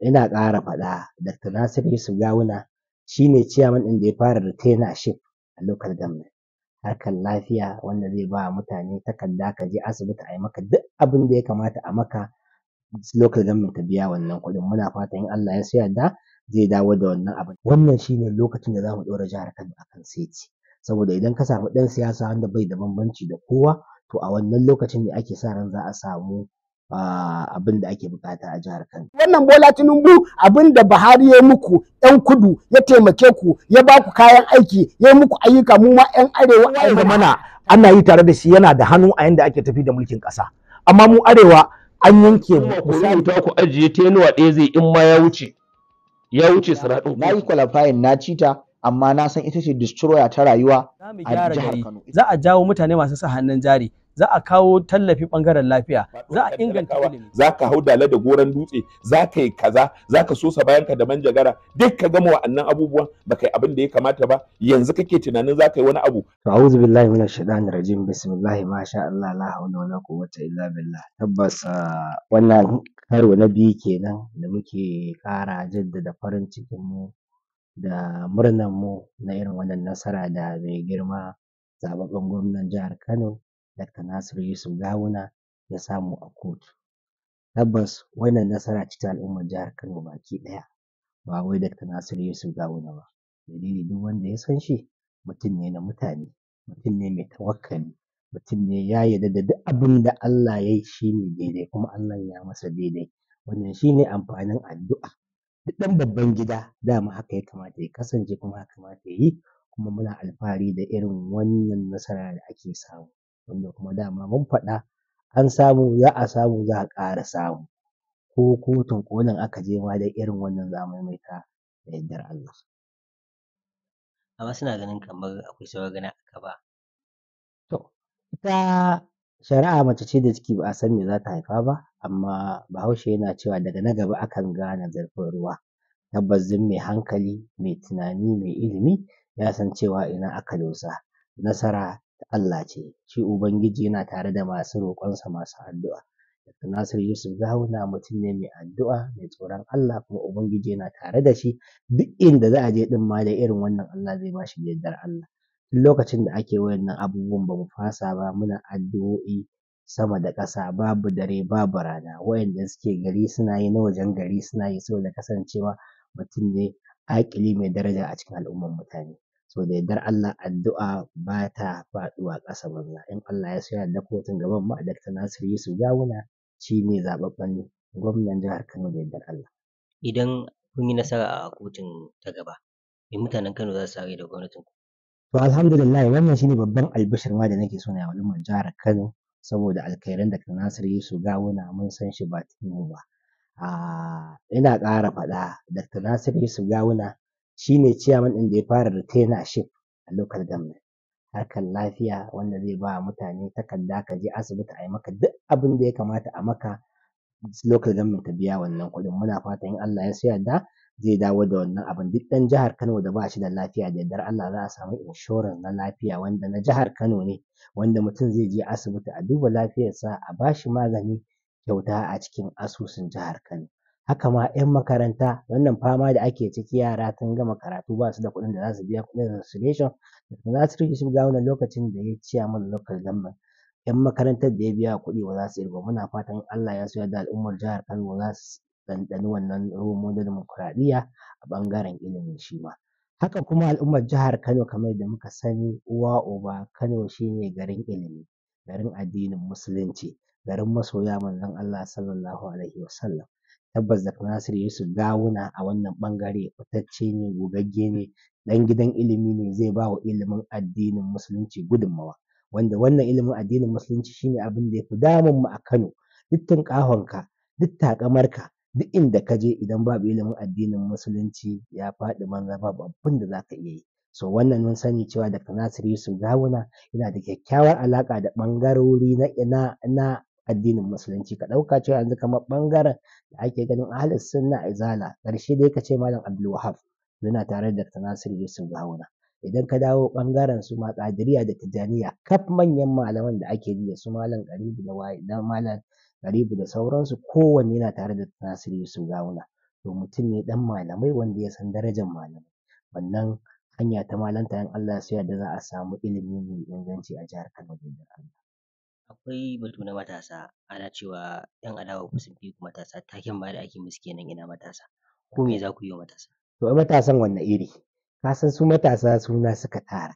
ina ƙara faɗa Dr. Nasir Yusuf Gawuna shi ne ciyaman ɗin da ya fara retainership a local government harkar lafiya wanda zai ba mutane takarda ka je asibiti a yi maka duk abin da ya kamata a maka local government ta biya wannan kuɗin muna fata in Allah ya so yarda zai dawo da wannan abin wannan shi ne lokacin da za mu ɗora jihar Kano a kan seti saboda idan ka samu ɗan siyasa wanda bai da bambanci da kowa to a wannan lokacin ne ake sa ran za a samu abin da ake bukata a jihar Kano. Wannan Bola Tinubu abin da Buhari ya muku yan kudu ya taimake ku ya ba ku kayan aiki ya muku ayyuka mu ma yan arewa ai mana ana yi tare da shi yana da hannu a yanda ake tafi da mulkin ƙasa, amma mu arewa an yanke mu ku ajiye tenuwa ɗaya zai in ma ya wuce na yi na cita amma na san ita ce destroyer ta rayuwa a jihar Kano za a jawo mutane masu sa hannun jari za a kawo tallafi bangaren lafiya za a inganta ilimi za ka hau dala da goran dutse za ka yi kaza za ka sosa bayan ka da manjagara duk ka gama wa'annan abubuwan ba kai abin da ya kamata ba yanzu kake tunanin za ka yi wani abu to a'udhu billahi minash shaitanir rajim bismillahi ma sha Allah la hawla wala quwwata illa billah tabbas ah, wannan karo na biyu kenan da muke kara jaddada farin cikin mu da murnan mu na irin wannan nasara da mai girma zababben gwamnan jihar Kano Dakta Nasiru Yusuf Gawuna ya samu a kotu. Tabbas wannan nasara ce ta al'ummar jihar Kano baki ɗaya ba wai Dakta Nasiru Yusuf Gawuna ba. Dalili duk wanda ya san shi mutum ne na mutane, mutum ne mai tawakkali, mutum ne ya yarda da duk abin da Allah ya yi shi ne daidai kuma allah ya masa daidai. Wannan shi ne amfanin addu'a. Duk ɗan babban gida dama haka ya kamata ya kasance kuma haka ya kamata ya yi kuma muna alfahari da irin wannan nasara da ake samu. wanda kuma dama mun faɗa an samu za a samu za a ƙara samu ko kotun ƙolin aka je ma dai irin wannan za a maimaita da yardar Allah. Amma suna ganin kamar akwai sauran gani a gaba. To ita shari'a mace ce da ciki ba a san me za ta haifa ba amma bahaushe yana cewa daga na gaba akan gane zurfin ruwa tabbas zin mai hankali mai tunani mai ilimi ya san cewa ina aka dosa nasara Allah ce shi ubangiji yana tare da masu roƙonsa masu addu'a Dr. Nasir Yusuf Gawuna mutum ne mai addu'a mai tsoron Allah kuma ubangiji yana tare da shi duk inda za a je din ma da irin wannan Allah zai ba shi yardar Allah duk lokacin da ake wayannan abubuwan ba mu fasa ba muna addu'o'i sama da ƙasa babu dare babu rana wayanda suke gari suna yi na wajen gari suna yi saboda kasancewa mutum ne aƙili mai daraja a cikin al'umman mutane So da yardar Allah addu'a ba ta faɗuwa ƙasa banza. In Allah ya so ya yarda kotun gaban mu Dakta Nasiru Yusuf Gawuna ne zaɓaɓɓen gwamnan jihar Kano da yardar Allah. Idan kun yi nasara a kotun ta gaba me mutanen Kano za su sa da gwamnatin ku? To alhamdulillah wannan shine babban albishir ma da nake so na yi wa jihar Kano saboda alkhairan Dakta Nasiru Yusuf Gawuna mun san shi ba tuni ba. Ah, ina ƙara faɗa Dakta Nasiru Yusuf Gawuna shine ciyaman ɗin da ya fara da retinership a local government harkar lafiya wanda zai ba mutane takarda ka je asibiti a yi maka duk abin da ya kamata a maka local government ta biya wannan kuɗin muna fata in Allah ya so da zai dawo da wannan abin duk ɗan jihar Kano da ba shi da lafiya da yardar Allah za a samu inshorar na lafiya wanda na jihar Kano ne wanda mutum zai je asibiti a duba lafiyarsa a ba shi magani kyauta a cikin asusun jihar Kano. haka ma 'yan makaranta wannan fama da ake ciki yara sun gama karatu ba su da kuɗin da za su biya kuɗin za su Nasir Yusuf Gawuna lokacin da ya mana local government 'yan makarantar da ya biya kuɗi ba za su yi ba muna fatan Allah ya so da al'ummar jihar Kano za su ɗanɗani wannan role da dimokuraɗiyya a ɓangaren ilimi shi ma. Haka kuma al'ummar jihar Kano kamar da muka sani uwa uba Kano shine garin ilimi, garin addinin musulunci, garin masoya manzon Allah sallallahu alaihi wasallam. tabbas Dr. Nasiru Yusuf Gawuna a wannan ɓangare fitacce ne gogagge ne ɗan gidan ilimi ne zai ba wa ilimin addinin musulunci gudunmawa wanda wannan ilimin addinin musulunci shine abin da ya fi damun mu a Kano duk ka duk ka, duk inda ka je idan babu ilimin addinin musulunci ya faɗi banza babu abin da za ka iya yi so wannan mun sani cewa Dr. nasir Yusuf Gawuna yana da kyakkyawar alaƙa da ɓangarori na na addinin musulunci ka ɗauka cewa yanzu kamar ɓangaren da ake ganin ahlus sunna izala ƙarshe dai ka ce malam Abdulwahab yana tare da Dr. Nasiru Yusuf Gawuna idan ka dawo ɓangaren su ma da Tijaniya, kaf manyan malaman da ake yi da su malam Karibu da waye da malam Karibu da sauransu kowanne yana tare da Dr. Nasiru Yusuf Gawuna to mutum ne dan malamai wanda ya san darajar malamai wannan hanya ta malanta in Allah ya so za a samu ilimi mai inganci a jihar Kano da jihar Allah. akwai batu na matasa ana cewa ‘yan adawa sun fi matasa taken ma da ake musu kenan ina matasa ko me za ku yi wa matasa. To matasan wanne iri? Ka san su matasa suna suka tara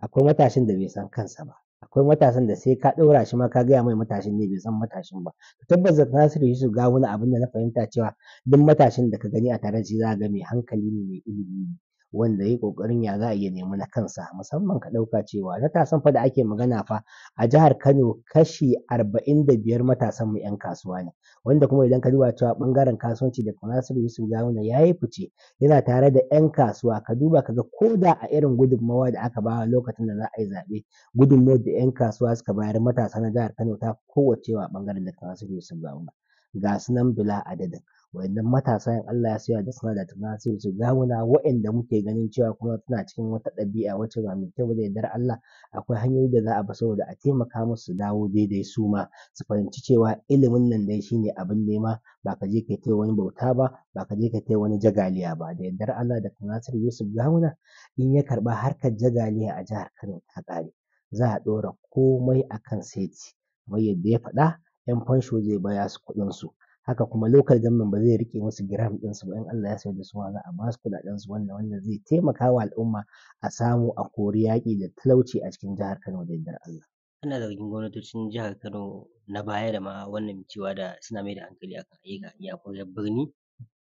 akwai matashin da bai san kansa ba akwai matasan da sai ka ɗaura shi ma ka gaya mai matashin ne bai san matashin ba tabbas da su ga Gawuna abin da na fahimta cewa duk matashin da ka gani a tare da shi za ka ga mai hankali ne mai ilimi ne wanda yayi ƙoƙarin ya za a iya nemi na kansa musamman ka ɗauka cewa matasan fa da ake magana fa a jihar Kano kashi arba'in da biyar matasan mu ƴan kasuwa ne wanda kuma idan ka duba cewa ɓangaren kasuwanci da Nasiru Yusuf ya yayi fice yana tare da 'yan kasuwa ka duba ka ga ko da a irin gudunmawa da aka bawa lokacin da za a yi zaɓe gudunmawar da 'yan kasuwa suka bayar matasa na jahar Kano ta fi kowacce a ɓangaren da Nasiru Yusuf Gawuna ga su nan bila adadin. Wa'innan matasa Allah ya sa da suna da tasiri su zauna wa'inda muke ganin cewa kuma suna cikin wata ɗabi'a wacce ba mai kyau ba da yardar Allah akwai hanyoyi da za a bi saboda a taimaka musu su dawo daidai su ma su fahimci cewa ilimin nan dai shi ne abin nema ba ka je kai yi wani bauta ba ba ka je kai yi wani jagaliya ba da yardar Allah da Nasiru Yusuf Gawuna in ya karɓa harkar jagaliya a jihar Kano ta ƙare za a ɗora komai akan kan seti kamar yadda ya faɗa 'yan fansho zai baya su kuɗinsu. haka kuma local government ba zai riƙe musu gram ɗinsu ba in Allah ya yarda su ma za a ba su kuɗaɗensu wanda wannan zai taimaka wa al'umma a samu a kori yaƙi da talauci a cikin jihar Kano da yardar Allah. Ana zargin gwamnatocin jihar Kano na baya da ma wannan cewa da suna mai da hankali akan ayyukan iyakokin birni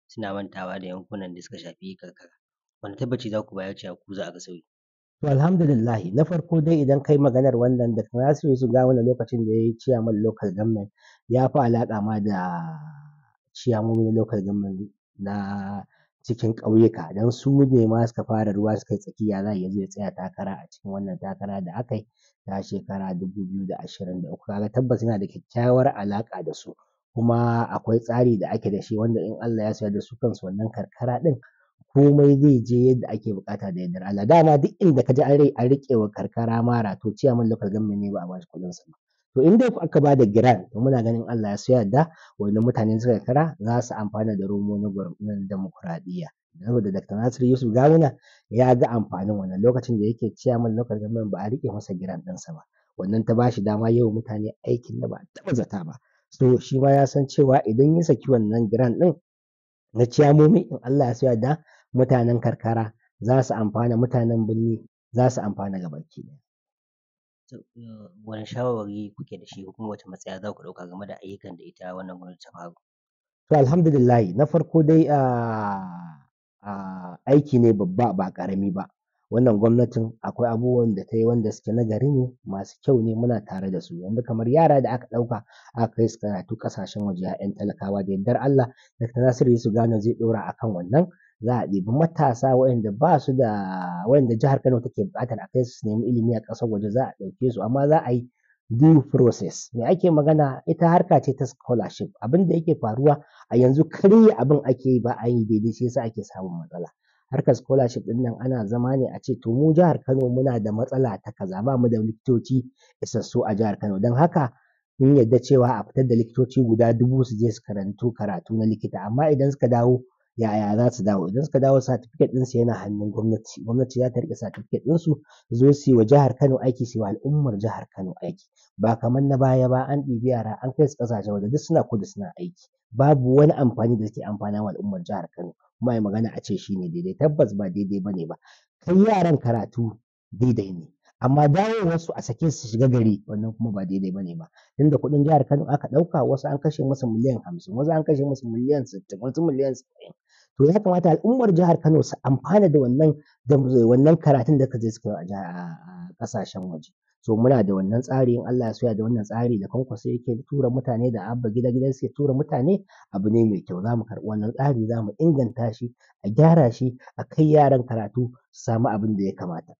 suna mantawa da yankunan da suka shafi karkara. Wane tabbaci za ku bayar cewa ku za a ga sauyi? To alhamdulillahi na farko dai idan kai maganar wannan da Nasiru su ga wani lokacin da ya yi mana local government ya fi alaƙa ma da ciyamomi na local government na cikin ƙauyuka don su ne ma suka fara ruwa suka yi tsakiya za ya zo ya tsaya takara a cikin wannan takara da aka yi ta shekara dubu biyu da ashirin da uku ka tabbas yana da kyakkyawar alaƙa da su kuma akwai tsari da ake da shi wanda in Allah ya so ya yarda su kansu wannan karkara ɗin komai zai je yadda ake buƙata da yadda Allah dama duk inda ka ji an riƙe wa karkara mara to ciyaman local government ne ba a ba shi kuɗinsa ba to in dai aka ba da giran to muna ganin Allah ya so yarda wani mutane suka kara za su amfana da romo na demokuraɗiyya saboda Dr. Nasir Yusuf Gawuna ya ga amfanin wannan lokacin da yake mun lokacin mun ba a rike masa giran sa ba wannan ta bashi dama yau mutane aikin da ba taba zata ba so shi ma ya san cewa idan ya saki wannan giran ɗin na ciyamomi in Allah ya so yarda mutanen karkara za su amfana mutanen birni za su amfana gabaki ɗaya Eh, wani shawarwari kuke da shi ko kuma wace matsaya za ku ɗauka game da ayyukan da ita wannan gwamnati ta faro? To alhamdulillahi na farko dai ah, ah, aiki ne babba ba ƙarami ba, wannan gwamnatin akwai abubuwan da ta yi wanda suke nagari ne masu kyau ne muna tare da su yanzu kamar yara da aka ɗauka aka kai su karatu ƙasashen waje ‘ya'yan talakawa da yardar Allah Dakta Nasiru Yusuf gano zai ɗora a kan wannan za a ɗebi matasa waɗanda ba su da waɗanda jihar Kano take buƙatar a kai su su nemi ilimi a ƙasar waje za a ɗauke su amma za a yi due process me ake magana ita harka ce ta scholarship abin da yake faruwa a yanzu karya abin ake yi ba a yi daidai shi yasa ake samun matsala harkar scholarship din nan ana zama ne a ce to mu jihar Kano muna da matsala ta kaza ba mu da likitoci isassu a jihar Kano don haka mun yarda cewa a fitar da likitoci guda dubu su je su karantu karatu na likita amma idan suka dawo yaya za su dawo idan suka dawo certificate ɗinsu yana hannun gwamnati gwamnati za ta riƙe certificate ɗinsu su zo su yi wa jihar Kano aiki su yi wa al'ummar jihar Kano aiki ba kamar na baya ba an ɗibi yara an kai su ƙasashen waje duk suna kudu suna aiki babu wani amfani da suke amfana wa al'ummar jihar Kano kuma ai magana a ce shi ne daidai tabbas ba daidai ba ne ba kai yaran karatu daidai ne amma dawo wasu a sake su shiga gari wannan kuma ba daidai bane ba tunda kuɗin jihar Kano aka ɗauka wasu an kashe musu miliyan hamsin wasu an kashe musu miliyan sittin wasu miliyan saba'in to ya kamata al'ummar jihar Kano su amfana da wannan da wannan karatun da ka je suka a kasashen waje To muna da wannan tsari in Allah ya soya da wannan tsari da kwankwaso yake tura mutane da abba gida gidan suke tura mutane abu ne mai kyau zamu mu karɓi wannan tsari zamu inganta shi a gyara shi a kai yaran karatu su samu abin da ya kamata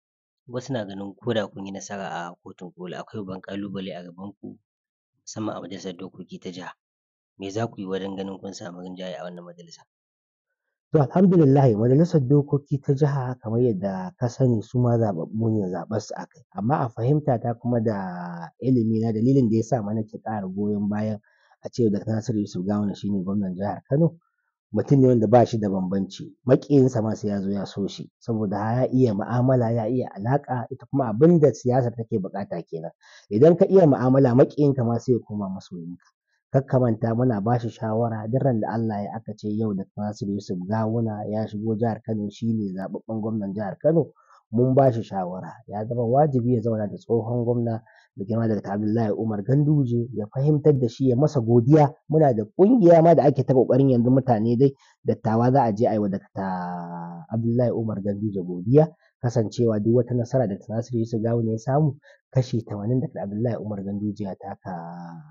wasu na ganin ko da kun yi nasara a kotun ƙoli akwai babban ƙalubale a ku musamman a majalisar dokoki ta jiha me za ku yi wajen ganin kun samu rinjaye a wannan majalisa to alhamdulillahi majalisar dokoki ta jiha kamar yadda ka sani su ma zaɓaɓɓu ne zaɓen su aka yi amma a fahimta ta kuma da ilimi na dalilin da ya sa ma nake ƙara goyon bayan a ce Dr. Nasiru Yusuf Gawuna shi ne gwamnan jihar Kano mutum ne wanda ba shi da bambanci maƙiyinsa ma sai ya zo ya so shi saboda ya iya mu'amala ya iya alaƙa ita kuma abin da siyasa take buƙata kenan idan ka iya mu'amala maƙiyinka ma sai ya koma masoyinka kar manta muna ba shi shawara duk da Allah ya aka ce yau da Nasiru Yusuf Gawuna ya shigo jihar Kano shine zaɓaɓɓen gwamnan jihar Kano mun ba shi shawara ya zama wajibi ya zauna da tsohon gwamna mai girma daga Abdullahi Umar Ganduje ya fahimtar da shi ya masa godiya muna da kungiya ma da ake ta kokarin yanzu mutane dai dattawa za a je a yi wa daga Abdullahi Umar Ganduje godiya kasancewa duk wata nasara da Tanasir Yusuf Gawo ne ya samu kashi 80 daga Abdullahi Umar Ganduje ya taka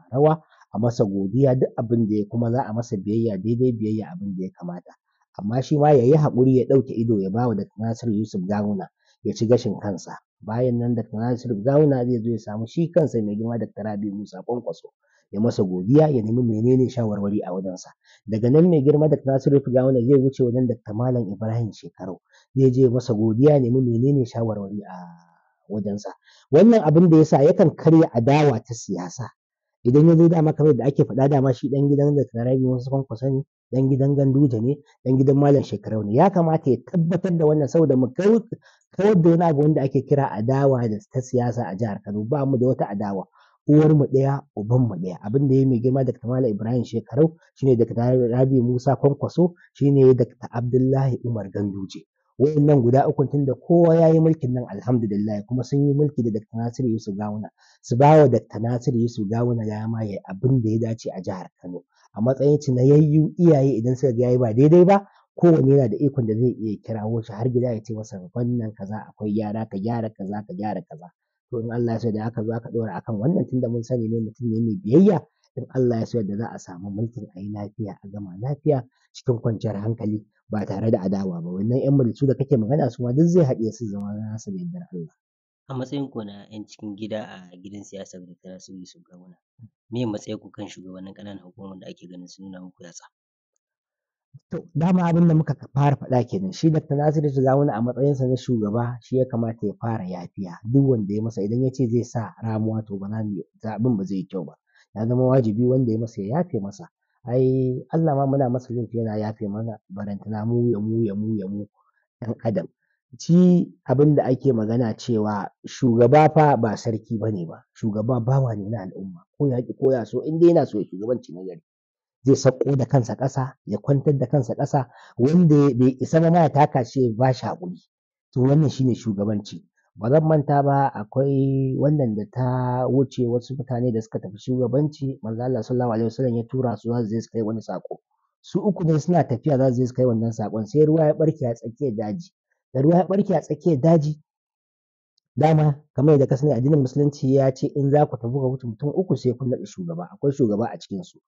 rawa a masa godiya duk abin da ya kuma za a masa biyayya daidai biyayya abin da ya kamata amma shi ma yayi hakuri ya ɗauke ido ya ba wa da Tanasir Yusuf Gawuna ya ci gashin kansa bayan nan Dr. Nasiru Gawuna zai zo ya samu shi kansa mai girma Dr. Rabi Musa Kwankwaso ya masa godiya ya nemi menene shawarwari a wajensa daga nan mai girma Dr. Nasiru Gawuna zai wuce wajen Dr. Malam Ibrahim Shekaru zai je masa godiya ya nemi menene shawarwari a wajensa wannan abin da yasa yakan karya adawa ta siyasa idan ya zo dama kamar da ake faɗa dama shi ɗan gidan da tarari Musa Kwankwaso ne ɗan gidan ganduje ne ɗan gidan malam shekarau ne ya kamata ya tabbatar da wannan saboda mu kai Ka da wani abu wanda ake kira adawa da ta siyasa a jihar Kano ba mu da wata adawa uwar mu ɗaya uban mu ɗaya abin da ya mai girma Dr. Malam Ibrahim Shekarau shine Dr. Rabi Musa Kwankwaso shine Dr. Abdullahi Umar Ganduje wayannan guda uku tun da kowa yayi mulkin nan alhamdulillah kuma sun yi mulki da Dr. Nasir Yusuf Gawuna su ba wa Dr. Nasir Yusuf Gawuna dama yayi abin da ya dace a jihar Kano a matsayin ci na iyaye idan suka ga yayi ba daidai ba kowanne yana da ikon da zai iya kirawo shi har gida ya ce masa wannan kaza akwai gyara ka gyara kaza ka gyara kaza to in Allah ya so da aka zo aka ɗora akan wannan tunda mun sani ne mutum ne mai biyayya in Allah ya so da za a samu mulkin a lafiya a gama lafiya cikin kwanciyar hankali ba tare da adawa ba wannan yan majalisu da kake magana su ma duk zai haɗe su zama nasu da yardar Allah. a matsayin ku na yan cikin gida a gidan siyasar da ta su yi su gwamna me matsayin ku kan shugabannin ƙananan hukumomin da ake ganin su nuna muku yatsa. To dama abin da muka fara faɗa kenan shi Dr. Nasiru Tijjani a matsayinsa na shugaba shi ya kamata ya fara yafiya duk wanda ya masa idan ya ce zai sa ramuwa to ba na zaɓin ba zai kyau ba ya zama wajibi wanda ya masa ya yafe masa ai Allah ma muna masa yin yana yafe mana barantana mu ya mu ya mu ya mu ɗan adam ci abin da ake magana cewa shugaba fa ba sarki bane ba shugaba bawa ne na al'umma ko ya ko ya so in dai yana so ya shugabanci na gari zai sauko da kansa ƙasa ya kwantar da kansa ƙasa wanda bai isa ba ma ya taka shi ba shi haƙuri to wannan shine shugabanci ba zan manta ba akwai wannan da ta wuce wasu mutane da suka tafi shugabanci manzo Allah sallallahu alaihi wasallam ya tura su za su je su kai wani sako su uku ne suna tafiya za su je su kai wannan sakon sai ruwa ya barke a tsakiyar daji da ruwa ya barke a tsakiyar daji dama kamar yadda ka sani addinin musulunci ya ce in za ku tafi wuce mutum uku sai kun naɗa shugaba akwai shugaba a cikin su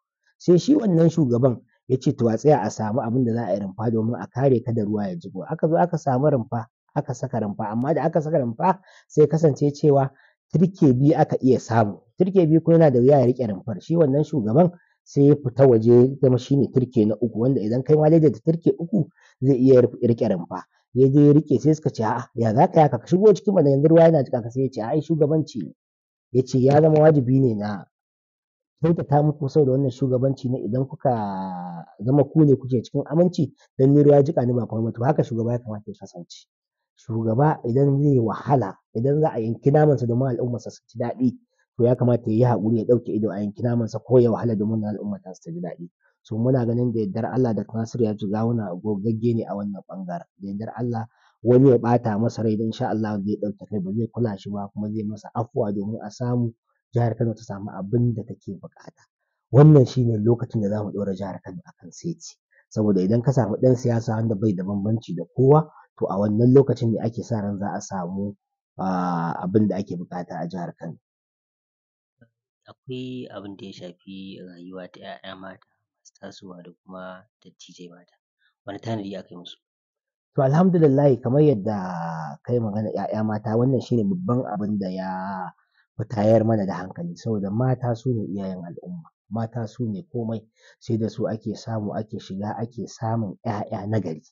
sai shi wannan shugaban ya ce to a tsaya a samu abin da za a yi rumfa domin a kare ka da ruwa ya jigo aka zo aka samu rumfa aka saka rumfa amma da aka saka rumfa sai kasance cewa turke biyu aka iya samu turke biyu kuma yana da wuya ya rike rumfar shi wannan shugaban sai ya fita waje zama shi ne turke na uku wanda idan kai ma da turke uku zai iya rike rumfa ya je ya rike sai suka ce a'a ya za ka yaka ka shigo cikin mana ruwa yana jika ka sai ya ce ai shugabanci ne ya ce ya zama wajibi ne na kyautata muku saboda wannan shugabanci ne idan kuka zama ku ne kuke cikin aminci dan ni ruwa ya jiƙa ni ba komai ba to haka shugaba ya kamata ya kasance shugaba idan zai wahala idan za a yanki namansa domin al'ummarsa su ji daɗi to ya kamata ya yi haƙuri ya ɗauke ido a yanki namansa ko ya wahala domin ta su ji daɗi so muna ganin da yardar Allah da Nasiru ya Gawuna gogagge ne a wannan ɓangaren da yardar Allah wani ya ɓata masa rai dan insha Allah zai ɗauke kai ba zai kula shi ba kuma zai masa afuwa domin a samu jihar Kano ta samu abin da take buƙata. Wannan shine lokacin da za mu ɗora jihar Kano a kan seti. Saboda idan ka samu ɗan siyasa wanda bai da bambanci da kowa to a wannan lokacin ne ake sa ran za a samu ah, abin da ake buƙata a jihar Kano. Akwai abin da ya shafi rayuwa ta ‘ya'ya mata masu tasowa da kuma dattijai mata, Wani tanadi aka yi musu? To Alhamdulillahi kamar yadda kai yi maganar ‘ya'ya mata wannan shine babban abin da ya ku tayar mana da hankali saboda mata su ne iyayen al'umma mata su ne komai sai da su ake samu ake shiga ake samun ƴaƴa na gari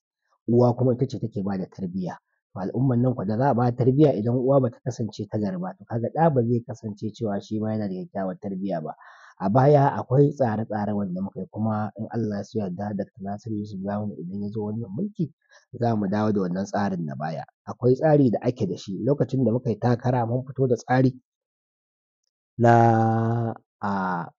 uwa kuma ita ce take ba da tarbiyya al'umman nan kwada da za a ba tarbiyya idan uwa ba ta kasance ta garba, ba to kaga ɗa ba zai kasance cewa shi shima yana da kyakkyawar tarbiyya ba a baya akwai tsare-tsare wanda muka yi kuma in Allah ya so yarda Dr. Nasiru Yusuf Gawuna idan ya zo wannan mulki Za mu dawo da wannan tsarin na baya akwai tsari da ake da shi lokacin da muka yi takara mun fito da tsari na a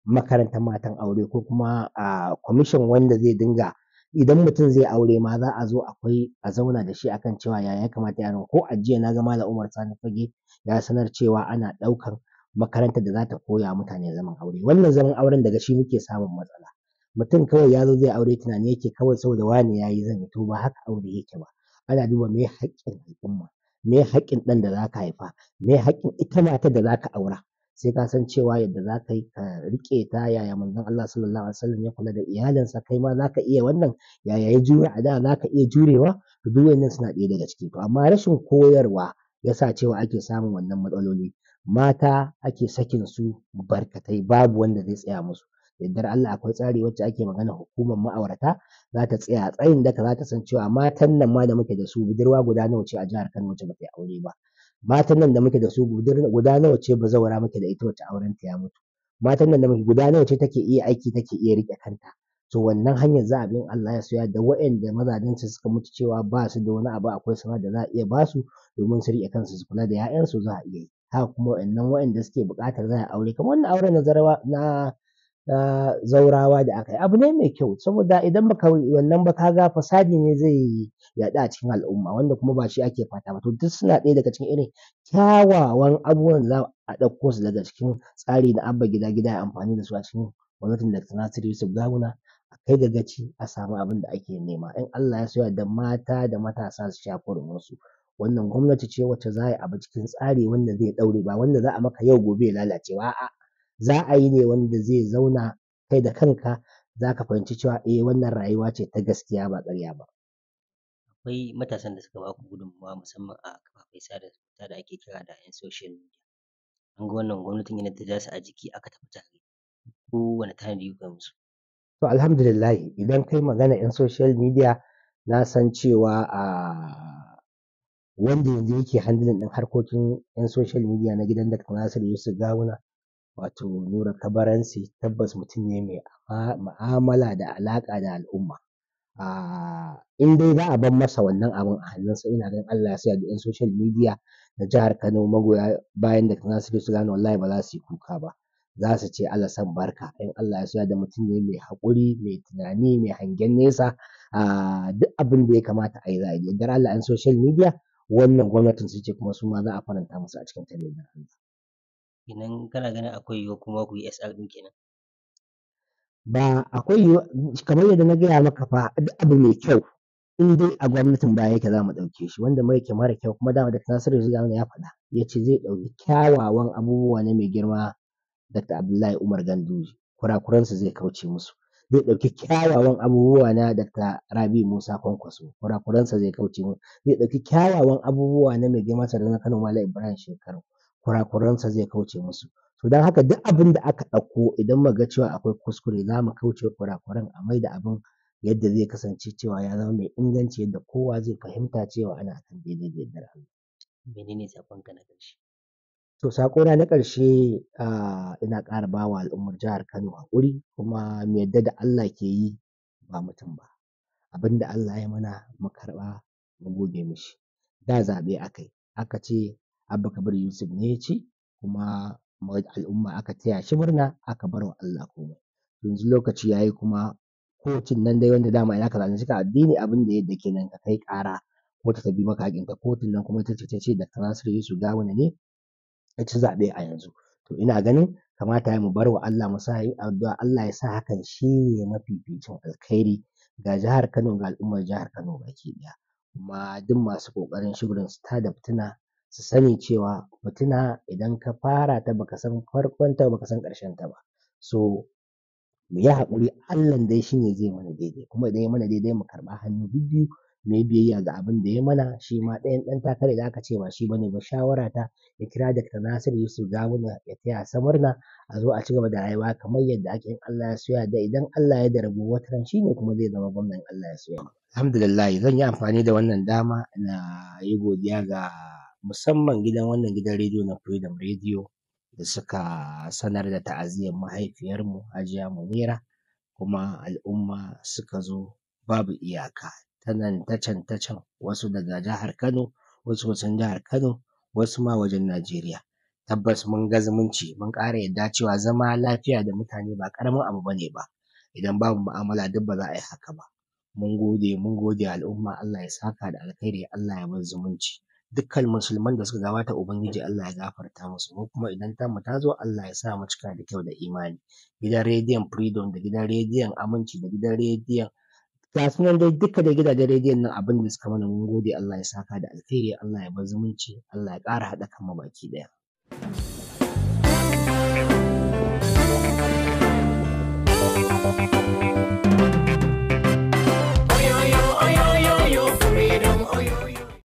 makarantar matan aure ko kuma a commission wanda zai dinga idan mutum zai aure ma za a zo akwai a zauna da shi akan cewa yaya ya kamata yaron ko a jiya na ga malam Umar Sani Fage ya sanar cewa ana ɗaukan makarantar da za ta koya wa mutane zaman aure wannan zaman auren daga shi muke samun matsala mutum kawai ya zo zai aure tunani yake kawai saboda wani ya yi zan yi to ba haka aure yake ba ana duba me haƙƙin al'umma me haƙƙin ɗan da za ka haifa me haƙƙin ita matar da za ka aura sai ka san cewa yadda za ka yi ka riƙe ta yaya Manzon Allah Sallallahu Alaihi Wasallam ya kula da iyalinsa kai ma za ka iya wannan yaya ya jure a da za ka iya jurewa to duk wannan suna ɗaya daga ciki to amma rashin koyarwa yasa cewa ake samun wannan matsaloli mata ake sakin su barkatai babu wanda zai tsaya musu yaddar Allah akwai tsari wacce ake magana hukumar ma'aurata za ta tsaya tsayin daka za ta san cewa matan nan ma da muke da su budurwa guda nawa ce a jihar Kano wacce ba ta aure ba matan nan da muke da su guda nawa ce ba zaura muke da ita wacce auren ta ya mutu matan nan da muke guda nawa ce take iya aiki take iya rike kanta to wannan hanyar za a bin Allah ya soya da waɗanda mazajen su suka mutu cewa ba su da wani abu akwai sama da za a iya basu domin su rike kansu su kula da 'ya'yansu za a iya yi haka kuma waɗannan waɗanda suke buƙatar za a aure kamar wannan auren na zarawa na na zaurawa da aka yi abu ne mai kyau saboda idan baka wannan ba ga fasadi ne zai yaɗu a cikin al'umma wanda kuma ba shi ake fata ba to duk suna ɗaya daga cikin irin kyawawan abubuwan za a ɗauko su daga cikin tsari na abba gida gida ya amfani da su a cikin gwamnatin Dr. Nasiru Yusuf Gawuna a kai ga gaci a samu abin da ake nema in Allah ya so da mata da matasa su sha su wannan gwamnati ce wacce za a yi abu cikin tsari wanda zai ɗaure ba wanda za a maka yau gobe ya lalace ba a'a za a yi ne wanda zai zauna kai da kanka za ka fahimci cewa eh wannan rayuwa ce ta gaskiya ba ƙarya ba. Akwai matasan da suka ba ku gudunmawa musamman a kafafen sada zumunta da ake kira da ‘yan social media. Kun ga wannan gwamnatin yadda ta ja su a jiki aka tafi tare. ko wani tanadi kuka musu? To alhamdulillahi idan kai magana ‘yan social media na san cewa a wanda yanzu yake handling ɗin harkokin ‘yan social media na gidan Dr. Nasiru Yusuf Gawuna wato nuna kabaransi tabbas mutum ne mai mu'amala da alaƙa da al'umma a in dai za a bar masa wannan abun a hannunsa ina ganin Allah ya sa da ƴan social media na jihar Kano magoya bayan da za su bi su gane wallahi ba za su yi kuka ba za su ce san barka in Allah ya sa da mutum ne mai haƙuri mai tunani mai hangen nesa a duk abin da ya kamata a yi za a yi da Allah ƴan social media wannan gwamnatin su ce kuma su ma za a faranta musu a cikin Kenan kana ganin akwai yiwuwar kuma ku yi SR ɗin kenan? Ba akwai yiwuwar kamar yadda na gaya maka fa duk abu mai kyau in dai a gwamnatin baya yake za mu ɗauke shi wanda mai ke mara kyau kuma dama Dr. Nasiru Zilani ya faɗa ya ce zai ɗauki kyawawan abubuwa na mai girma Dr. Abdullahi Umar Ganduje kurakuransu zai kauce musu zai ɗauki kyawawan abubuwa na Dr. Rabi Musa Kwankwaso kurakuransa zai kauce musu zai ɗauki kyawawan abubuwa na mai girma Sardauna Kano Malam Ibrahim Shekaru kurakuransa zai kauce musu to don haka duk abin da aka ɗauko idan muka ga cewa akwai kuskure za mu kauce wa kurakuran a maida abin yadda zai kasance cewa ya zama mai inganci yadda kowa zai fahimta cewa ana kan daidai da yardar Allah. Mene ne saƙonka na ƙarshe? To saƙona na ƙarshe ina ƙara ba wa al'ummar jihar Kano haƙuri kuma mu yarda da Allah ke yi ba mutum ba. Abin da Allah ya mana mu karɓa mu gode mishi. Da zaɓe aka aka ce Abba Kabir Yusuf ne ya ce, kuma al'umma aka taya shi murna aka bar wa Allah kuma Yanzu lokaci ya yi kuma kotun nan dai wanda dama idan aka zalunce ka addini abin da yadda kenan ka kai ƙara ko ta bi maka haƙƙinka kotun nan kuma ita ce ta ce da Nasir Yusuf Gawuna ne ya ci zaɓe a yanzu. To ina ganin kamata ya mu bar wa Allah mu sa addu'a Allah ya sa hakan shi ne mafificin alkhairi ga jihar Kano ga al'ummar jihar Kano baki ɗaya. Kuma duk masu ƙoƙarin shirin su da fitina su sani cewa fitina idan ka fara ta baka san farkon ta baka san ƙarshen ta ba so mu yi haƙuri allon dai shi ne zai mana daidai kuma idan ya mana daidai mu karɓa hannu biyu mu yi biyayya ga abin da ya mana shi ma ɗayan ɗan takarar da aka ce ba shi ba ne ba shawara ta ya kira Dakta Nasiru Yusuf Gawuna ya taya sa murna a zo a cigaba da rayuwa kamar yadda ake in Allah ya so ya idan Allah ya da wata wataran shi ne kuma zai zama gwamnan Allah ya so ya alhamdulillah zan yi amfani da wannan dama na yi godiya ga musamman gidan wannan gidan rediyo na Freedom Rediyo da suka sanar da ta'aziyyar mahaifiyarmu Hajiya Munira kuma al'umma suka zo babu iyaka ta nan ta can ta can wasu daga jihar Kano wasu wajen jihar Kano wasu ma wajen Najeriya tabbas mun ga zumunci mun ƙara yadda cewa zama lafiya da mutane ba ƙaramin abu bane ba idan babu mu'amala duk ba za a yi haka ba mun gode mun gode al'umma Allah ya saka da alkhairi Allah ya bar zumunci dukkan musulman da suka gabata ubangiji Allah ya gafarta musu mu kuma idan tamu ta zo Allah ya sa mu cika da kyau da imani gidan rediyon freedom da gidan rediyon aminci da gidan rediyon ga su nan dai duka da gidajen rediyon nan abin da suka mana mun gode Allah ya saka da alkhairi Allah ya bar zumunci Allah ya ƙara haɗa kan mu baki ɗaya.